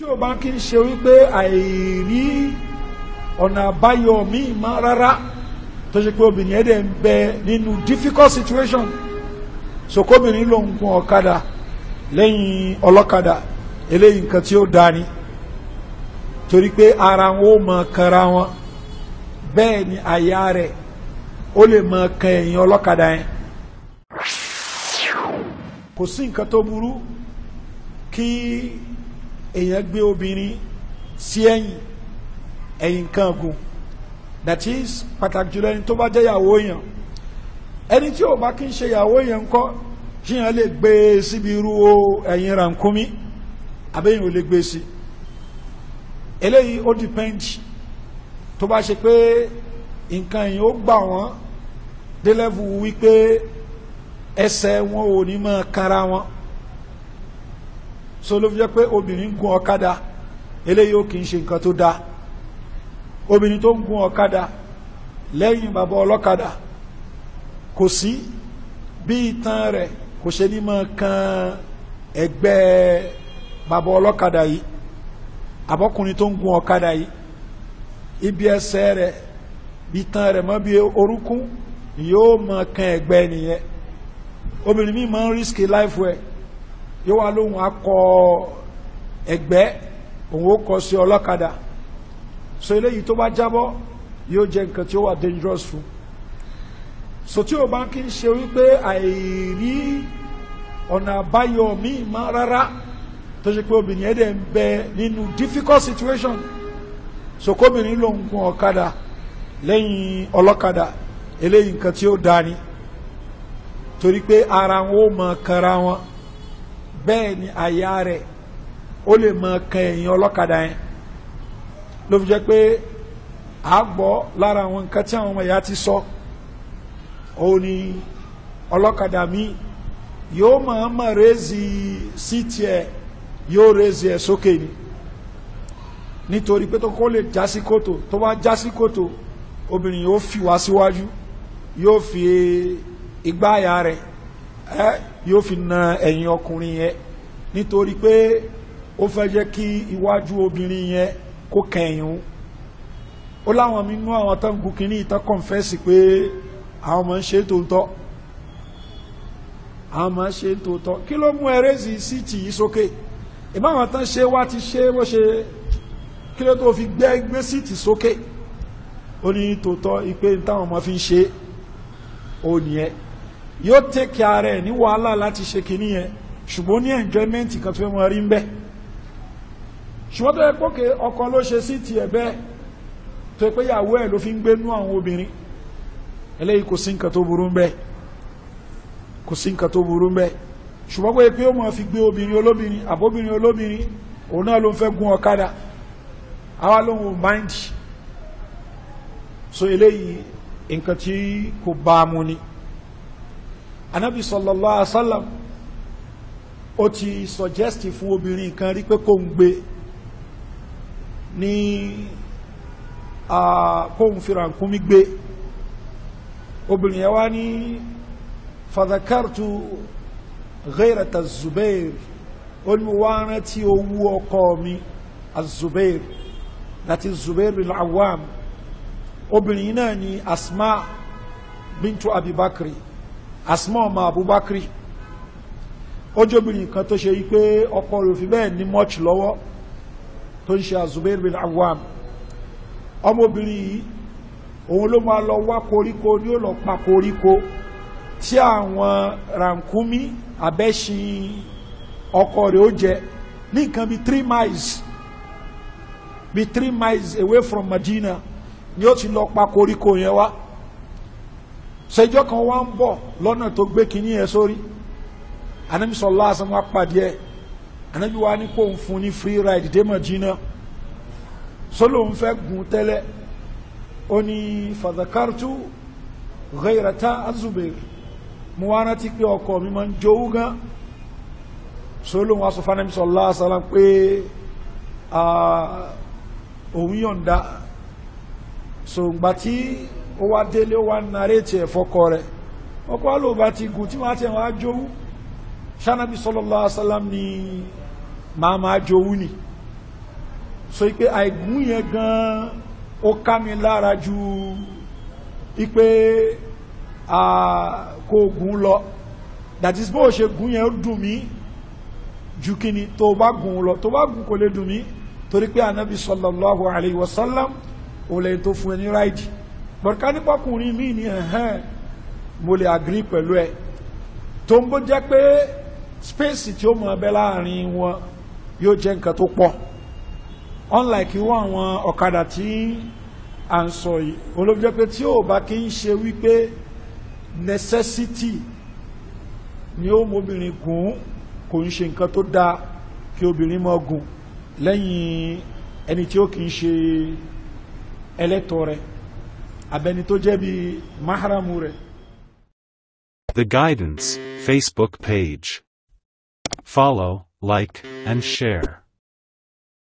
tí o bá kí n ṣe wípé àìrí ọ̀nà àbáyọ mi má rárá tó ṣe pé obìnrin ẹ̀ dẹ̀ ń bẹ nínú difficult situation sokobìnrin ló ń gun ọ̀kadà lẹ́yìn ọlọ́kadà eléyìí nǹkan tí ó da ni torí pé ara wọn ó mọ kanra wọn bẹ́ẹ̀ ni àyà rẹ̀ ó lè mọ kan ẹ̀yìn ọlọ́kadà yẹn kò sí nǹkan tó burú kí èèyàn gbé obìnrin sí ẹ̀yìn ẹ̀yìn kan gùn that is pàtàkì jùlọ ẹni tó bá jẹ́ ìyàwó èèyàn ẹni tí ò bá kí ń ṣe ìyàwó èèyàn kọ́ kíyàn lè gbé e síbi irú ẹ̀yìn rànkúmí àbẹ́yìn ò lè gbé e sí eléyìí ó dìpẹ́ǹdì tó bá ṣe pé nǹkan yìí ó gbà wọ́n délẹ́fù wípé ẹsẹ̀ wọn ò ní máa kára wọn so ló fi jẹ́ pé obìnrin ń gun ọ̀kadà eléyìí ó kì í ṣe nǹkan tó dáa obìnrin tó ń gun ọ̀kadà lẹ́yìn bàbá ọlọ́kadà kò sí bí ìtàn rẹ̀ kò ṣe ní máa kan ẹgbẹ́ bàbá ọlọ́kadà yìí àbọ́kùnrin tó ń gun ọ̀kadà yìí ibi ẹsẹ̀ rẹ̀ bí ìtàn rẹ̀ mọ́ bí orúnkún yóò máa kan ẹgbẹ́ nìyẹn obìnrin mi máa ń rísíkì láìfù ẹ̀ yóò wá lóhun akọ ẹgbẹ́ òun ó kọ sí ọlọ́kadà so eléyìí tó bá jábọ́ yóò jẹ́ nǹkan tí ó wà dangerous fún so tí o bá kí ń ṣe wípé àìrí ọ̀nà àbáyọ míì má rárá tó ṣe pé obìnrin ẹ̀dẹ̀ ń bẹ nínú difficult situation so kóbìnrin ló ń gun ọ̀kadà lẹ́yìn ọlọ́kadà eléyìí nǹkan tí ó dáa ni torí pé ara wọn ó mọ kanra wọn bẹ́ẹ̀ ni àyà rẹ̀ ó lè mọ kan ẹ̀yìn ọlọ́kadà yẹn ló fi jẹ́ pé a gbọ́ lára àwọn nǹkan tí àwọn ọmọ ìyá ti sọ òun ni ọlọ́kadà mi yóò máa mọ̀ rézì sí tiẹ̀ yóò rézì ẹ̀ sókè ni nítorí pé tó kó lè jásí kòtò tó bá jásí kòtò obìnrin yóò fi wá síwájú yóò fi igbá àyà rẹ̀ yóò fi na ẹ̀yìn ọkùnrin yẹn nítorí pé ó fẹ́ jẹ́ kí iwájú obìnrin yẹn kó kẹ̀yìn ó láwọn mi nú àwọn tó ń gun kínní ìtàn kọ̀ǹfẹ́sì pé àwọn ọmọ ń ṣe tó àwọn ọmọ ń ṣe tó kí ló mú ẹrẹ́sì sí tì í sókè ìbá àwọn tán ṣe wá ti ṣe bó ṣe kí ló tó fi gbẹ́ gbé sí tì sókè ó ní tòótọ́ ìpè táwọn ọmọ fi ń ṣe ó nìyẹn yóò tẹ̀kẹ́ ara ẹ̀ ní wàhálà láti ṣe kìíní yẹn ṣùgbọ́n ní enjoyment kan tó fẹ́ mọ rí ń bẹ́ ṣùgbọ́n tó yẹ pókè ọkọ ló ṣe sí tiẹ̀ bẹ́ẹ̀ tó yẹ pé ìyàwó ẹ̀ ló fi ń gbénú àwọn obìnrin eléyìí kò sí nǹkan tó burú ń bẹ́ẹ̀ kò sí nǹkan tó burú ń bẹ́ẹ̀ ṣùgbọ́n pé pé ó mọ̀ fi gbé obìnrin olóbìnrin àbóbìnrin olóbìnrin òun náà ló ń fẹ́ gun ọ̀kadà àwa ló ń wo mind so eléyìí nǹkan tí kò bá a mu ni anabi sallallahu alaihi wasallam ó ti sọjẹ́sì fún obìnrin kan rí pé kó ń gbé ní kó ń fi rànkúmí gbé obìnrin yẹn wá ní fadakartu ghayrata zubair ó ní wá rántí owó ọkọ mi azubair láti zubair bin awam obìnrin náà ni asma bintu abibakri asmọ́ ọmọ abubakri ó jóbìnrin kan tó ṣe wípé ọkọ rẹ̀ òfin bẹ́ẹ̀ ní much lọ́wọ́ tó ń ṣe azubair bin awam ọmọbìnrin yìí òun ló máa lọ wá koríko ní ó lọ pa koríko tí àwọn rànkúmí abẹ́ṣin ọkọ rẹ̀ ó jẹ ní nǹkan bíi three miles bíi three miles away from Medina ni ó ti lọ pa koríko yẹn wá ṣèjọ́ kan wá ń bọ̀ lọ́nà tó gbé kinní yẹn sórí anabi sọlá asan wa pàdé ẹ anabi wa ni kò ń fún ní free ride dé Madina sọlọ ń fẹ́ gun tẹ́lẹ̀ ó ní fàdàkàrtù ghayrata azubair mo wá rántí pé ọkọ mi máa ń jowú gan sọlọ wa sọ fún asan pé òun yọ̀ǹda sọ̀ǹgbà tí ó wá délé ó wá nàrétì ẹ̀ fọ́kọ rẹ̀ ọkọ alóòbá ti gùn tí wọ́n á ti wọ́n á jowú ṣánábì sallallahu alaihi wasallam ni màá máa jowú ni so ipe àìgùn yẹn gan ó ká mi lára ju ipe kó gùn lọ that bó o ṣe gùn yẹn ó dùn mí ju kí ni tó bá gùn lọ tó bá gùn kò lè dùn mí torí pé anabi sallallahu alayhi wa sallam òun lẹ́yìn tó fún ẹ ní ráìdì but ká nípa ọkùnrin míì ní ẹ̀hẹ́n mo lè agree pẹ̀lú ẹ tó ń bó jẹ́ pé space tí ó mọ abẹ́ láàrin wọn yóò jẹ́ nǹkan tó pọ̀ unlike irú àwọn ọ̀kadà tí à ń sọ yìí olóbi jẹ́ pé tí ò bá kí ń ṣe wípé necessity ni ó mobìnrin gùn kò ń ṣe nǹkan tó dáa kí obìnrin mọ́ gùn lẹ́yìn ẹni tí ó kì í ṣe ẹlẹ́tọ̀ rẹ̀ The Guidance Facebook page. Follow, like, and share.